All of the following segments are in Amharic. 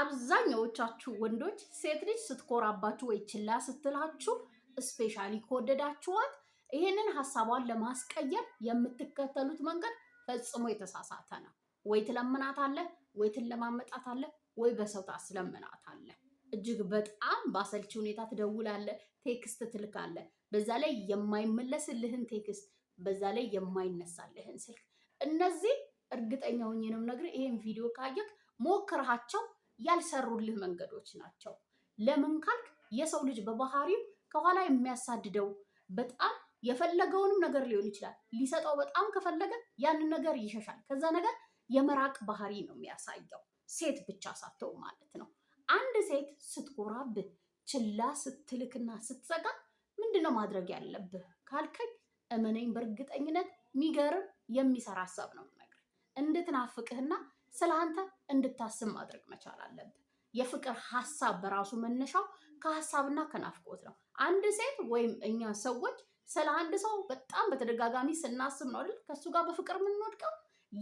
አብዛኛዎቻችሁ ወንዶች ሴት ልጅ ስትኮራባችሁ ወይ ችላ ስትላችሁ ስፔሻሊ ከወደዳችኋት ይህንን ሀሳቧን ለማስቀየር የምትከተሉት መንገድ ፈጽሞ የተሳሳተ ነው። ወይ ትለምናት አለ፣ ወይ ትለማመጣት አለ፣ ወይ በሰው አለ። እጅግ በጣም በአሰልቺ ሁኔታ ትደውላለ፣ ቴክስት ትልካለ። በዛ ላይ የማይመለስልህን ቴክስት፣ በዛ ላይ የማይነሳልህን ስልክ። እነዚህ እርግጠኛ ሆኜ ነው የምነግርህ። ይሄን ቪዲዮ ካየክ ሞክርሃቸው ያልሰሩልህ መንገዶች ናቸው። ለምን ካልክ የሰው ልጅ በባህሪው ከኋላ የሚያሳድደው በጣም የፈለገውንም ነገር ሊሆን ይችላል ሊሰጠው በጣም ከፈለገ ያንን ነገር ይሸሻል። ከዛ ነገር የመራቅ ባህሪ ነው የሚያሳየው ሴት ብቻ ሳተው ማለት ነው። አንድ ሴት ስትኮራብህ፣ ችላ ስትልክና ስትዘጋ ምንድነው ማድረግ ያለብህ ካልከኝ እመነኝ በእርግጠኝነት የሚገርም የሚሰራ ሀሳብ ነው ነገር እንድትናፍቅህና ስለ አንተ እንድታስብ ማድረግ መቻል አለብህ። የፍቅር ሀሳብ በራሱ መነሻው ከሀሳብና ከናፍቆት ነው። አንድ ሴት ወይም እኛ ሰዎች ስለ አንድ ሰው በጣም በተደጋጋሚ ስናስብ ነው አይደል ከእሱ ጋር በፍቅር የምንወድቀው።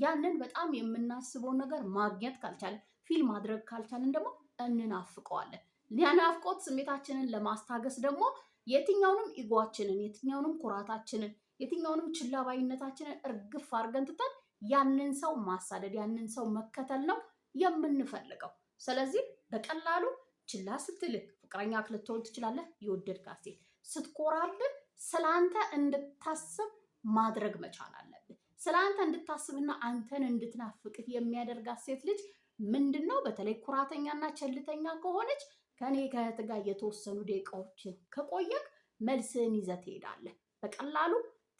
ያንን በጣም የምናስበውን ነገር ማግኘት ካልቻለን፣ ፊል ማድረግ ካልቻለን ደግሞ እንናፍቀዋለን። የናፍቆት ስሜታችንን ለማስታገስ ደግሞ የትኛውንም ኢጓችንን፣ የትኛውንም ኩራታችንን፣ የትኛውንም ችላባይነታችንን እርግፍ አድርገን ትተን ያንን ሰው ማሳደድ ያንን ሰው መከተል ነው የምንፈልገው። ስለዚህ በቀላሉ ችላ ስትልህ ፍቅረኛ ልትሆን ትችላለህ። የወደድካት ሴት ስትኮራብህ ስለአንተ እንድታስብ ማድረግ መቻል አለብህ። ስለአንተ እንድታስብና አንተን እንድትናፍቅህ የሚያደርጋት ሴት ልጅ ምንድን ነው? በተለይ ኩራተኛና ቸልተኛ ከሆነች ከኔ ከእህት ጋር የተወሰኑ ደቂቃዎችን ከቆየክ መልስህን ይዘህ ትሄዳለህ። በቀላሉ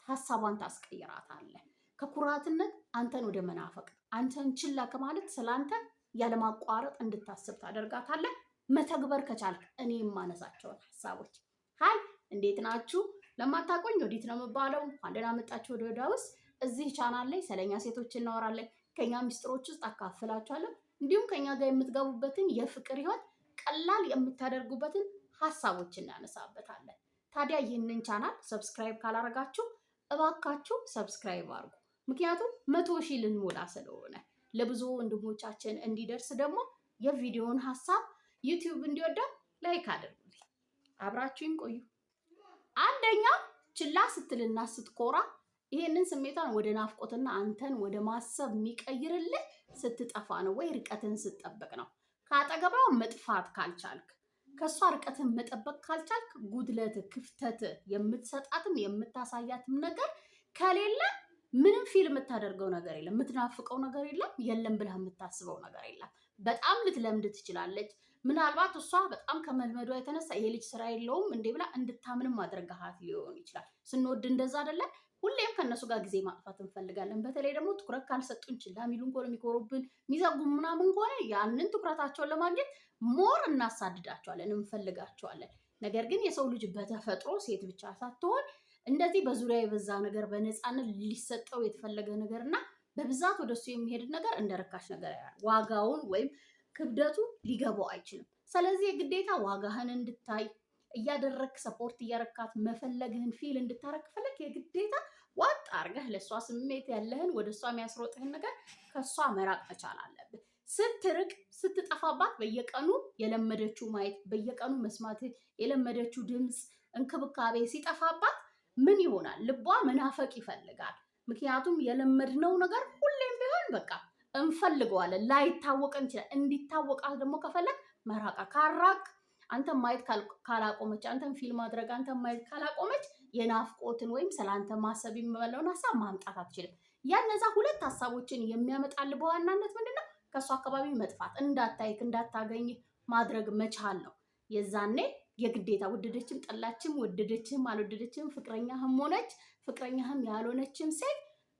ሀሳቧን ታስቀይራታለህ። ከኩራትነት አንተን ወደ መናፈቅ አንተን ችላ ከማለት ስለአንተ ያለማቋረጥ እንድታስብ ታደርጋታለህ። መተግበር ከቻልክ እኔ የማነሳቸውን ሀሳቦች ሀይ፣ እንዴት ናችሁ? ለማታቆኝ ወዲት ነው የምባለው። እንኳን ደህና መጣችሁ ወደ ዮድ እዚህ ቻናል ላይ ስለኛ ሴቶች እናወራለን፣ ከኛ ሚስጥሮች ውስጥ አካፍላችኋለሁ። እንዲሁም ከኛ ጋር የምትገቡበትን የፍቅር ህይወት ቀላል የምታደርጉበትን ሀሳቦች እናነሳበታለን። ታዲያ ይህንን ቻናል ሰብስክራይብ ካላረጋችሁ እባካችሁ ሰብስክራይብ አድርጉ። ምክንያቱም መቶ ሺህ ልንሞላ ስለሆነ ለብዙ ወንድሞቻችን እንዲደርስ ደግሞ የቪዲዮውን ሀሳብ ዩቲዩብ እንዲወደው ላይክ አድርጉልኝ። አብራችሁኝ ቆዩ። አንደኛ ችላ ስትልና ስትኮራ ይሄንን ስሜቷን ወደ ናፍቆትና አንተን ወደ ማሰብ የሚቀይርልህ ስትጠፋ ነው ወይ ርቀትን ስትጠበቅ ነው። ከአጠገቧ መጥፋት ካልቻልክ፣ ከእሷ ርቀትን መጠበቅ ካልቻልክ፣ ጉድለት ክፍተት የምትሰጣትም የምታሳያትም ነገር ከሌለ ምንም ፊል የምታደርገው ነገር የለም፣ የምትናፍቀው ነገር የለም፣ የለም ብለህ የምታስበው ነገር የለም። በጣም ልትለምድ ትችላለች። ምናልባት እሷ በጣም ከመልመዷ የተነሳ ይሄ ልጅ ስራ የለውም እንዴ ብላ እንድታምንም አድርገሃት ሊሆን ይችላል። ስንወድ እንደዛ አይደለም። ሁሌም ከእነሱ ጋር ጊዜ ማጥፋት እንፈልጋለን። በተለይ ደግሞ ትኩረት ካልሰጡን ችላ ሚሉን ከሆነ የሚኮሩብን፣ የሚዘጉ ምናምን ከሆነ ያንን ትኩረታቸውን ለማግኘት ሞር እናሳድዳቸዋለን፣ እንፈልጋቸዋለን። ነገር ግን የሰው ልጅ በተፈጥሮ ሴት ብቻ ሳትሆን እንደዚህ በዙሪያ የበዛ ነገር በነፃነት ሊሰጠው የተፈለገ ነገር እና በብዛት ወደሱ የሚሄድ ነገር እንደ ርካሽ ነገር ዋጋውን ወይም ክብደቱ ሊገባው አይችልም። ስለዚህ የግዴታ ዋጋህን እንድታይ እያደረግ ሰፖርት እያረካት መፈለግህን ፊል እንድታረክ ፈለግ የግዴታ ዋጥ አርገህ ለእሷ ስሜት ያለህን ወደ እሷ የሚያስሮጥህን ነገር ከእሷ መራቅ መቻል አለብህ። ስትርቅ ስትጠፋባት፣ በየቀኑ የለመደችው ማየት፣ በየቀኑ መስማት የለመደችው ድምፅ፣ እንክብካቤ ሲጠፋባት ምን ይሆናል? ልቧ መናፈቅ ይፈልጋል። ምክንያቱም የለመድነው ነገር ሁሌም ቢሆን በቃ እንፈልገዋለን። ላይታወቀ ንችላ እንዲታወቃት ደግሞ ከፈለግ መራቃ ካራቅ አንተ ማየት ካላቆመች አንተን ፊልም ማድረግ አንተ ማየት ካላቆመች የናፍቆትን ወይም አንተ ማሰብ የሚበለውን ሀሳብ ማምጣት አትችልም። ያነዛ ሁለት ሀሳቦችን የሚያመጣል በዋናነት ምንድነው ከእሱ አካባቢ መጥፋት፣ እንዳታይክ እንዳታገኝ ማድረግ መቻል ነው። የዛኔ የግዴታ ወደደችም ጠላችም ወደደችም አልወደደችም ፍቅረኛህም ሆነች ፍቅረኛህም ያልሆነችም ሴት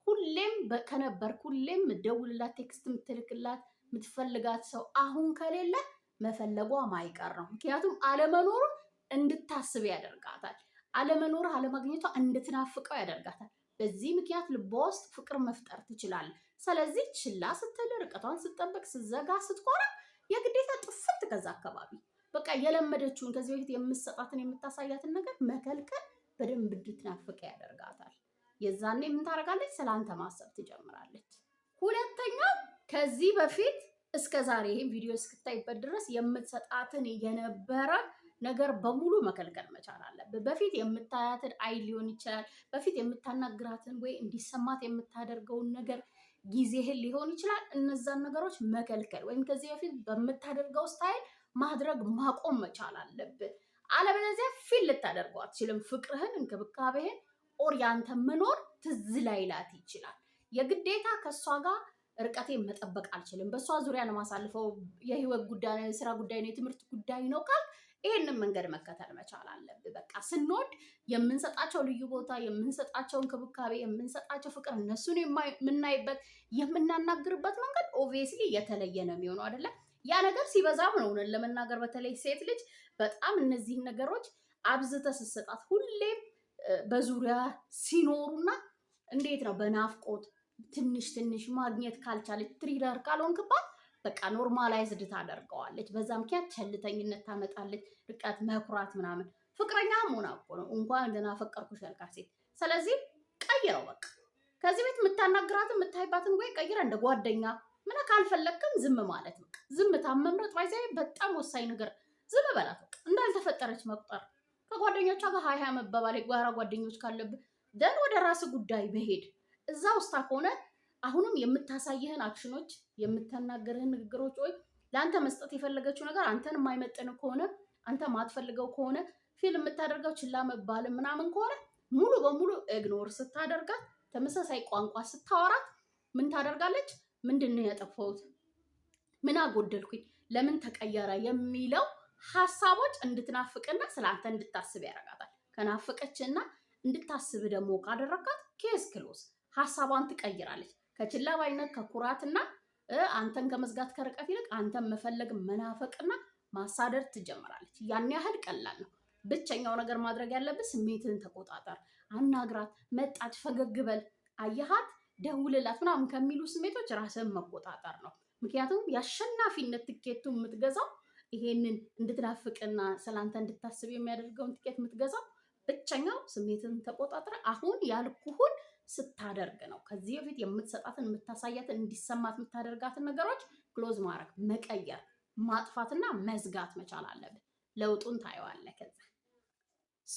ሁሌም ከነበርክ ሁሌም ምደውልላት ቴክስት የምትልክላት የምትፈልጋት ሰው አሁን ከሌለ መፈለጓ ማይቀር ነው። ምክንያቱም አለመኖሩ እንድታስብ ያደርጋታል። አለመኖር አለማግኘቷ እንድትናፍቀው ያደርጋታል። በዚህ ምክንያት ልቧ ውስጥ ፍቅር መፍጠር ትችላለ። ስለዚህ ችላ ስትል ርቀቷን ስጠበቅ ስዘጋ ስትኮራ የግዴታ ጥፍት ከዛ አካባቢ በቃ የለመደችውን ከዚህ በፊት የምትሰጣትን የምታሳያትን ነገር መከልከል በደንብ እንድትናፍቅ ያደርጋታል። የዛኔ ምን ታደርጋለች? ስለአንተ ማሰብ ትጀምራለች። ሁለተኛው ከዚህ በፊት እስከ ዛሬ ይህን ቪዲዮ እስክታይበት ድረስ የምትሰጣትን የነበረ ነገር በሙሉ መከልከል መቻል አለብህ። በፊት የምታያትን አይ ሊሆን ይችላል፣ በፊት የምታናግራትን ወይ እንዲሰማት የምታደርገውን ነገር ጊዜህን ሊሆን ይችላል። እነዛን ነገሮች መከልከል ወይም ከዚህ በፊት በምታደርገው ስታይል ማድረግ ማቆም መቻል አለብህ። አለበለዚያ ፊል ልታደርገው አትችልም። ፍቅርህን፣ እንክብካቤህን ኦር ያንተ መኖር ትዝ ላይላት ይችላል። የግዴታ ከእሷ ጋር ርቀቴን መጠበቅ አልችልም። በእሷ ዙሪያ ነው የህይወት ጉዳይ ነው፣ የስራ ጉዳይ ነው፣ የትምህርት ጉዳይ ነው ካል ይህንን መንገድ መከተል መቻል አለብህ። በቃ ስንወድ የምንሰጣቸው ልዩ ቦታ፣ የምንሰጣቸው እንክብካቤ፣ የምንሰጣቸው ፍቅር፣ እነሱን የምናይበት የምናናግርበት መንገድ ኦብቪየስሊ የተለየ ነው የሚሆነው አይደለም። ያ ነገር ሲበዛም ነው እውነት ለመናገር በተለይ ሴት ልጅ በጣም እነዚህን ነገሮች አብዝተ ስሰጣት ሁሌም በዙሪያ ሲኖሩና እንዴት ነው በናፍቆት ትንሽ ትንሽ ማግኘት ካልቻለች ትሪለር ካልሆንክባት በቃ ኖርማላይዝድ ታደርገዋለች። በዛ ምክንያት ቸልተኝነት ታመጣለች፣ ርቀት፣ መኩራት ምናምን። ፍቅረኛ መሆን እኮ ነው እንኳን ደህና ፈቀርኩሽ ያልካት ሴት። ስለዚህ ቀይረው በቃ ከዚህ ቤት የምታናግራትን የምታይባትን ወይ ቀይረ እንደ ጓደኛ ምን ካልፈለግክም ዝም ማለት ነው። ዝምታ መምረጥ ባይዛ በጣም ወሳኝ ነገር። ዝም በላት በቃ እንዳልተፈጠረች መቁጠር፣ ከጓደኞቿ ጋር ሀያ መባባል፣ የጓራ ጓደኞች ካለብህ ደን ወደ ራስ ጉዳይ መሄድ። እዛ ውስታ ከሆነ አሁንም የምታሳይህን አክሽኖች፣ የምተናገርህን ንግግሮች ወይ ለአንተ መስጠት የፈለገችው ነገር አንተን የማይመጥን ከሆነ አንተ ማትፈልገው ከሆነ ፊል የምታደርገው ችላ መባል ምናምን ከሆነ ሙሉ በሙሉ እግኖር ስታደርጋት ተመሳሳይ ቋንቋ ስታወራት ምን ታደርጋለች? ምንድን ነው ያጠፋሁት? ምን አጎደልኩኝ? ለምን ተቀየረ? የሚለው ሀሳቦች እንድትናፍቅና ስለ አንተ እንድታስብ ያደርጋታል። ከናፍቀችና እንድታስብ ደግሞ ካደረካት ኬስ ክሎስ፣ ሀሳቧን ትቀይራለች። ከችላ ባይነት ከኩራትና አንተን ከመዝጋት ከርቀት ይልቅ አንተን መፈለግ መናፈቅና ማሳደር ትጀምራለች። ያን ያህል ቀላል ነው። ብቸኛው ነገር ማድረግ ያለብህ ስሜትን ተቆጣጠር፣ አናግራት፣ መጣች፣ ፈገግ በል አየሃት ደውልላት ምናምን ከሚሉ ስሜቶች ራስን መቆጣጠር ነው። ምክንያቱም የአሸናፊነት ትኬቱ የምትገዛው ይሄንን እንድትናፍቅና ስላንተ እንድታስብ የሚያደርገውን ትኬት የምትገዛው ብቸኛው ስሜትን ተቆጣጥረ አሁን ያልኩሁን ስታደርግ ነው። ከዚህ በፊት የምትሰጣትን የምታሳያትን እንዲሰማት የምታደርጋትን ነገሮች ክሎዝ ማድረግ፣ መቀየር፣ ማጥፋትና መዝጋት መቻል አለብን። ለውጡን ታየዋለህ። ከዛ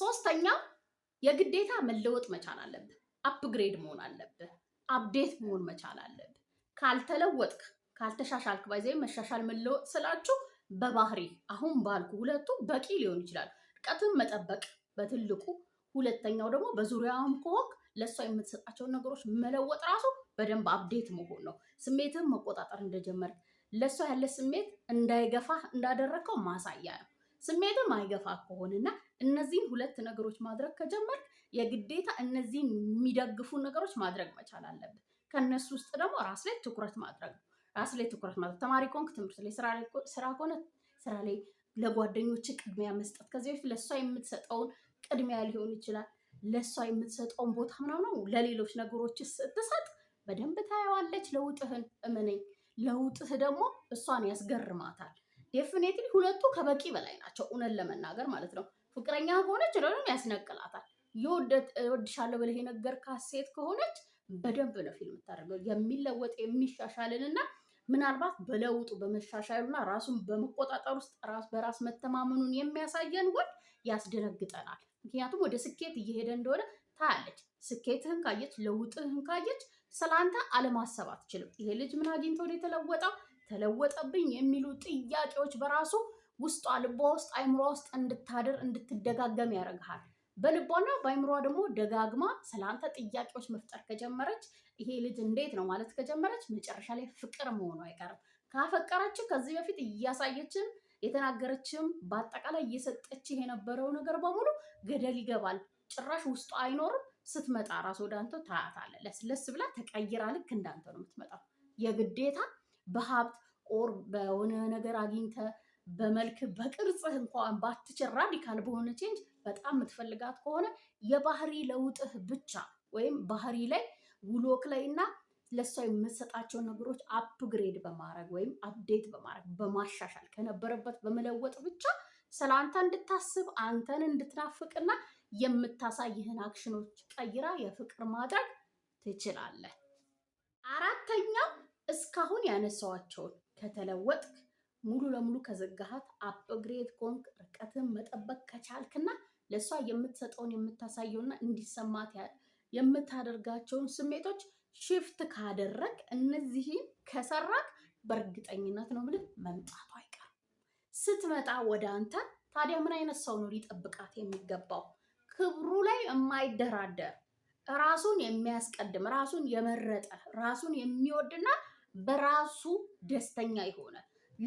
ሶስተኛው የግዴታ መለወጥ መቻል አለብን አፕግሬድ መሆን አለብን። አፕዴት መሆን መቻል አለብን። ካልተለወጥክ ካልተሻሻልክ ባይዘ መሻሻል መለወጥ ስላችሁ በባህሪ አሁን ባልኩ ሁለቱ በቂ ሊሆን ይችላል። ርቀትን መጠበቅ በትልቁ ሁለተኛው ደግሞ በዙሪያውም ከሆንክ ለእሷ የምትሰጣቸውን ነገሮች መለወጥ ራሱ በደንብ አፕዴት መሆን ነው። ስሜትን መቆጣጠር እንደጀመር ለእሷ ያለ ስሜት እንዳይገፋ እንዳደረግከው ማሳያ ነው። ስሜትም አይገፋ ከሆንና እነዚህን ሁለት ነገሮች ማድረግ ከጀመርክ የግዴታ እነዚህን የሚደግፉ ነገሮች ማድረግ መቻል አለብን። ከእነሱ ውስጥ ደግሞ ራስ ላይ ትኩረት ማድረግ ነው። ራስ ላይ ትኩረት ማድረግ ተማሪ ከሆንክ ትምህርት ላይ፣ ስራ ከሆነ ስራ ላይ፣ ለጓደኞች ቅድሚያ መስጠት ከዚህ በፊት ለእሷ የምትሰጠውን ቅድሚያ ሊሆን ይችላል ለእሷ የምትሰጠውን ቦታ ምናምን ነው ለሌሎች ነገሮች ስትሰጥ በደንብ ታየዋለች። ለውጥህን እመነኝ፣ ለውጥህ ደግሞ እሷን ያስገርማታል። ዴፊኔትሊ ሁለቱ ከበቂ በላይ ናቸው፣ እውነት ለመናገር ማለት ነው። ፍቅረኛ ከሆነች ያስነቅላታል። እወድሻለሁ ብለህ የነገርካት ሴት ከሆነች በደንብ ነው ፊልም የምታደርገው የሚለወጥ የሚሻሻልን እና ምናልባት በለውጡ በመሻሻሉና ራሱን በመቆጣጠር ውስጥ ራስ በራስ መተማመኑን የሚያሳየን ወንድ ያስደነግጠናል። ምክንያቱም ወደ ስኬት እየሄደ እንደሆነ ታያለች። ስኬትህን ካየች፣ ለውጥህን ካየች ስላንተ አለማሰብ አትችልም። ይሄ ልጅ ምን አግኝቶ ነው የተለወጠው? ተለወጠብኝ የሚሉ ጥያቄዎች በራሱ ውስጧ ልቧ ውስጥ አይምሯ ውስጥ እንድታድር እንድትደጋገም ያደርግሃል። በልቧና በአይምሯ ደግሞ ደጋግማ ስለአንተ ጥያቄዎች መፍጠር ከጀመረች ይሄ ልጅ እንዴት ነው ማለት ከጀመረች መጨረሻ ላይ ፍቅር መሆኑ አይቀርም። ካፈቀረች ከዚህ በፊት እያሳየችም የተናገረችም በአጠቃላይ እየሰጠች የነበረው ነገር በሙሉ ገደል ይገባል። ጭራሽ ውስጡ አይኖርም። ስትመጣ ራስ ወደ አንተ ታያታለ። ለስለስ ብላ ተቀይራ ልክ እንዳንተ ነው የምትመጣው። የግዴታ በሀብት ኦር በሆነ ነገር አግኝተ በመልክ በቅርጽህ እንኳን ባትችል ራዲካል በሆነ ቼንጅ በጣም የምትፈልጋት ከሆነ የባህሪ ለውጥህ ብቻ ወይም ባህሪ ላይ ውሎክ ላይ እና ለእሷ የምትሰጣቸውን ነገሮች አፕግሬድ በማድረግ ወይም አፕዴት በማድረግ በማሻሻል ከነበረበት በመለወጥ ብቻ ስለ አንተ እንድታስብ አንተን እንድትናፍቅና የምታሳይህን አክሽኖች ቀይራ የፍቅር ማድረግ ትችላለህ። አራተኛው እስካሁን ያነሳዋቸውን ከተለወጥክ ሙሉ ለሙሉ ከዘጋሃት አፕግሬድ ኮንክ ርቀትን መጠበቅ ከቻልክና ለእሷ የምትሰጠውን የምታሳየውና እንዲሰማት የምታደርጋቸውን ስሜቶች ሽፍት ካደረግ እነዚህን ከሰራክ በእርግጠኝነት ነው የምልህ መምጣቱ አይቀርም። ስትመጣ ወደ አንተ ታዲያ ምን አይነት ሰው ነው ሊጠብቃት የሚገባው? ክብሩ ላይ የማይደራደር ራሱን የሚያስቀድም ራሱን የመረጠ ራሱን የሚወድና በራሱ ደስተኛ የሆነ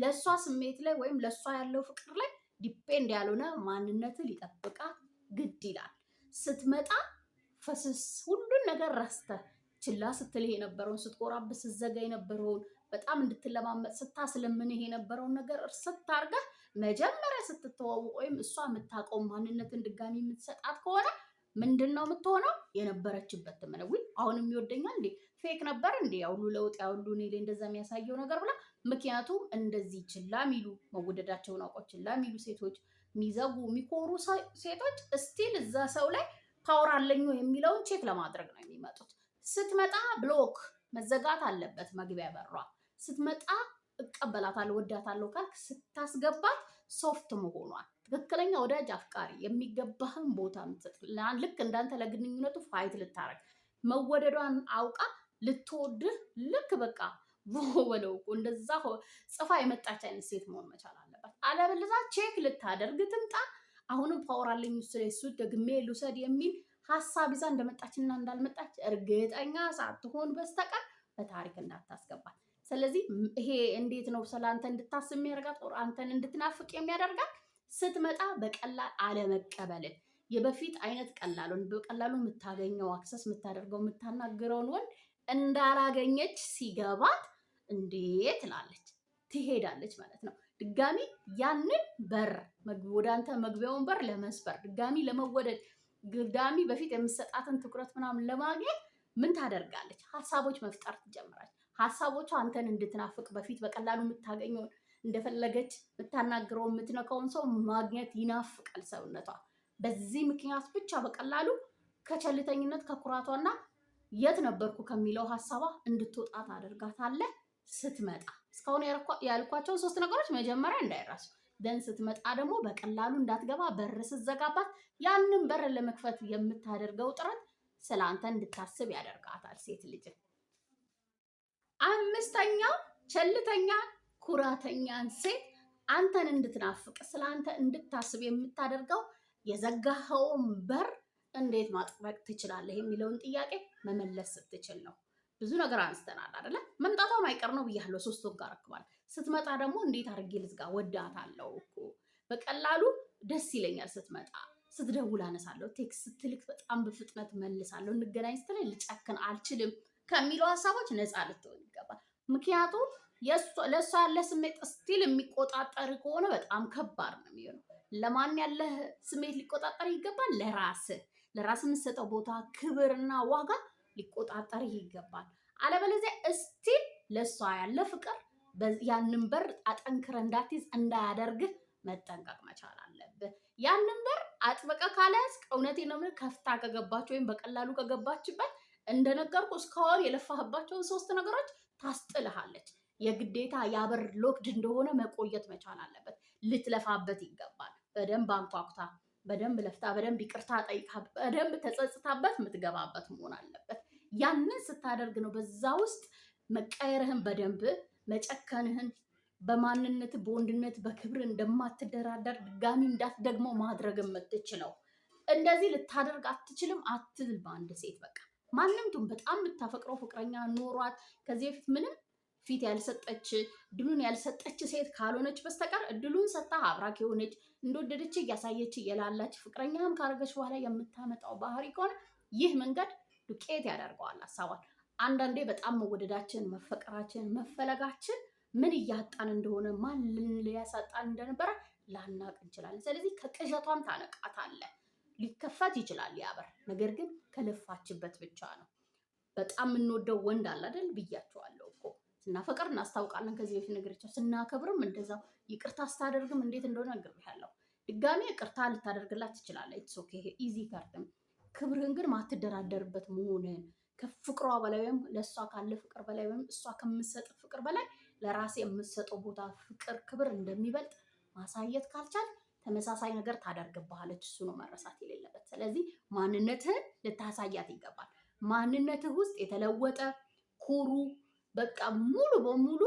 ለእሷ ስሜት ላይ ወይም ለእሷ ያለው ፍቅር ላይ ዲፔንድ ያልሆነ ማንነት ሊጠብቃት ግድ ይላል። ስትመጣ ፈስስ ሁሉን ነገር ረስተ ችላ ስትልህ የነበረውን ስትቆራብ ስትዘጋ የነበረውን በጣም እንድትለማመጥ ስታስለምንህ የነበረውን ነገር ስታርጋ መጀመሪያ ስትተዋወቅ ወይም እሷ የምታውቀውን ማንነትን ድጋሚ የምትሰጣት ከሆነ ምንድን ነው የምትሆነው? የነበረችበት ትመነዊ አሁንም ይወደኛል እንዴ ፌክ ነበር እንዴ ያሁሉ ለውጥ ያሁሉ እኔ እንደዛ የሚያሳየው ነገር ብላ ምክንያቱም እንደዚህ ችላ ሚሉ መወደዳቸውን አውቀው ችላ ሚሉ ሴቶች፣ የሚዘጉ የሚኮሩ ሴቶች እስቲል እዛ ሰው ላይ ፓወር አለኝ የሚለውን ቼክ ለማድረግ ነው የሚመጡት። ስትመጣ ብሎክ መዘጋት አለበት መግቢያ በሯ። ስትመጣ እቀበላታለሁ ወዳታለሁ ካልክ ስታስገባት ሶፍት መሆኗል ትክክለኛ ወዳጅ አፍቃሪ የሚገባህን ቦታ ምትሰጥ ልክ እንዳንተ ለግንኙነቱ ፋይት ልታረግ መወደዷን አውቃ ልትወድህ ልክ በቃ ወለው እኮ እንደዛ ጽፋ የመጣች አይነት ሴት መሆን መቻል አለባት። አለበለዛ ቼክ ልታደርግ ትምጣ፣ አሁንም ፓወር አለኝ ውስጥ እሱ ደግሜ ልውሰድ የሚል ሀሳብ ይዛ እንደመጣችና እንዳልመጣች እርግጠኛ ሳትሆን በስተቀር በታሪክ እንዳታስገባት። ስለዚህ ይሄ እንዴት ነው ስለ አንተ እንድታስብ የሚያደርጋት ጦር አንተን እንድትናፍቅ የሚያደርጋት ስትመጣ በቀላል አለመቀበልን የበፊት አይነት ቀላሉን በቀላሉ የምታገኘው አክሰስ የምታደርገው የምታናግረውን ወንድ እንዳላገኘች ሲገባት እንዴት ትላለች፣ ትሄዳለች ማለት ነው። ድጋሚ ያንን በር ወደ አንተ መግቢያውን በር ለመስበር ድጋሚ ለመወደድ ድጋሚ በፊት የምትሰጣትን ትኩረት ምናምን ለማግኘት ምን ታደርጋለች? ሀሳቦች መፍጠር ትጀምራለች። ሀሳቦቿ አንተን እንድትናፍቅ በፊት በቀላሉ የምታገኘውን እንደፈለገች የምታናግረው የምትነካውን ሰው ማግኘት ይናፍቃል ሰውነቷ። በዚህ ምክንያት ብቻ በቀላሉ ከቸልተኝነት ከኩራቷና የት ነበርኩ ከሚለው ሀሳቧ እንድትወጣ ታደርጋታለህ። ስትመጣ እስካሁን ያልኳቸውን ሶስት ነገሮች መጀመሪያ እንዳይራሱ ደን ስትመጣ ደግሞ በቀላሉ እንዳትገባ በር ስትዘጋባት ያንን በር ለመክፈት የምታደርገው ጥረት ስለ አንተ እንድታስብ ያደርጋታል ሴት ልጅ። አምስተኛው ቸልተኛ ኩራተኛን ሴት አንተን እንድትናፍቅ ስለ አንተ እንድታስብ የምታደርገው የዘጋኸውን በር እንዴት ማጥበቅ ትችላለህ የሚለውን ጥያቄ መመለስ ስትችል ነው። ብዙ ነገር አንስተናል አደለ? መምጣቷ ማይቀር ነው ብያለሁ። ሶስት ወግ አረክባል። ስትመጣ ደግሞ እንዴት አድርጌ ልዝጋ? ወዳታለሁ እኮ በቀላሉ ደስ ይለኛል ስትመጣ። ስትደውል አነሳለሁ፣ ቴክስት ስትልክ በጣም በፍጥነት መልሳለሁ፣ እንገናኝ ስትለኝ ልጨክን አልችልም ከሚለው ሀሳቦች ነፃ ልትሆን ይገባል። ምክንያቱም ለእሷ ያለ ስሜት ስቲል የሚቆጣጠር ከሆነ በጣም ከባድ ነው የሚሆነው። ለማን ያለህ ስሜት ሊቆጣጠር ይገባል? ለራስህ ለራስ የምትሰጠው ቦታ ክብርና ዋጋ ሊቆጣጠር ይገባል። አለበለዚያ እስቲል ለእሷ ያለ ፍቅር ያንን በር አጠንክረ እንዳትይዝ እንዳያደርግህ መጠንቀቅ መቻል አለብህ። ያንን በር አጥብቀ ካለያዝ እውነቴ ነው የምልህ ከፍታ ከገባቸው ወይም በቀላሉ ከገባችበት እንደነገርኩ እስካሁን የለፋህባቸውን ሶስት ነገሮች ታስጥልሃለች። የግዴታ ያበር ሎክድ እንደሆነ መቆየት መቻል አለበት። ልትለፋበት ይገባል። በደንብ አንኳኩታ በደንብ ለፍታ፣ በደንብ ይቅርታ ጠይቃ፣ በደንብ ተጸጽታበት የምትገባበት መሆን አለበት። ያንን ስታደርግ ነው በዛ ውስጥ መቀየርህን በደንብ መጨከንህን በማንነት በወንድነት በክብር እንደማትደራደር ድጋሚ እንዳትደግመው ማድረግ የምትችለው። እንደዚህ ልታደርግ አትችልም አትል። በአንድ ሴት በቃ ማንም ቱም በጣም የምታፈቅረው ፍቅረኛ ኖሯት ከዚህ በፊት ምንም ፊት ያልሰጠች እድሉን ያልሰጠች ሴት ካልሆነች በስተቀር እድሉን ሰጣ አብራክ የሆነች እንደወደደች እያሳየች እየላላች ፍቅረኛም ካረገች በኋላ የምታመጣው ባህሪ ከሆነ ይህ መንገድ ዱቄት ያደርገዋል ሀሳቧን። አንዳንዴ በጣም መወደዳችን፣ መፈቀራችን፣ መፈለጋችን ምን እያጣን እንደሆነ ማን ሊያሳጣን እንደነበረ ላናቅ እንችላለን። ስለዚህ ከቅዠቷም አለ ሊከፈት ይችላል ያበር ነገር ግን ከለፋችበት ብቻ ነው። በጣም የምንወደው ወንድ አለ አይደል? ብያቸዋለሁ እኮ ስናፈቅር እናስታውቃለን። ከዚህ በፊት ነገርቻ ስናከብርም እንደዛው ይቅርታ ስታደርግም እንዴት እንደሆነ ነግሬሻለሁ። ድጋሜ ይቅርታ ልታደርግላት ትችላለህ። ኢትስ ኦኬ ኢዚ ካርድም ክብርህን ግን ማትደራደርበት መሆንን ከፍቅሯ በላይ ወይም ለእሷ ካለ ፍቅር በላይ ወይም እሷ ከምሰጥ ፍቅር በላይ ለራሴ የምሰጠው ቦታ፣ ፍቅር፣ ክብር እንደሚበልጥ ማሳየት ካልቻል ተመሳሳይ ነገር ታደርግብሃለች። እሱ ነው መረሳት የሌለበት። ስለዚህ ማንነትህን ልታሳያት ይገባል። ማንነትህ ውስጥ የተለወጠ ኩሩ በቃ ሙሉ በሙሉ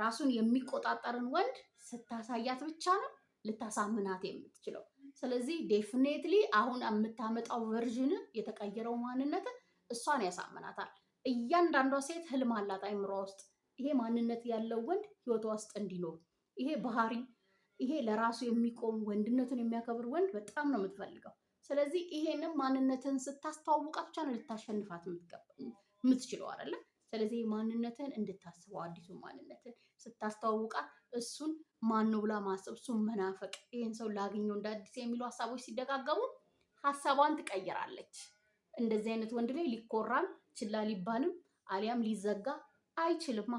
ራሱን የሚቆጣጠርን ወንድ ስታሳያት ብቻ ነው ልታሳምናት የምትችለው። ስለዚህ ዴፍኔትሊ አሁን የምታመጣው ቨርዥን የተቀየረው ማንነት እሷን ያሳምናታል። እያንዳንዷ ሴት ህልም አላት አይምሮ ውስጥ ይሄ ማንነት ያለው ወንድ ህይወቷ ውስጥ እንዲኖር ይሄ ባህሪ ይሄ ለራሱ የሚቆም ወንድነቱን የሚያከብር ወንድ በጣም ነው የምትፈልገው። ስለዚህ ይሄንም ማንነትን ስታስተዋውቃት ብቻ ነው ልታሸንፋት የምትችለው አይደለም። ስለዚህ ማንነትን እንድታስበው አዲሱ ማንነትን ስታስተዋውቃት እሱን ማን ነው ብላ ማሰብ፣ እሱን መናፈቅ፣ ይህን ሰው ላግኘው እንደ አዲስ የሚሉ ሀሳቦች ሲደጋገሙ ሀሳቧን ትቀይራለች። እንደዚህ አይነት ወንድ ላይ ሊኮራም ችላ ሊባልም አሊያም ሊዘጋ አይችልማ።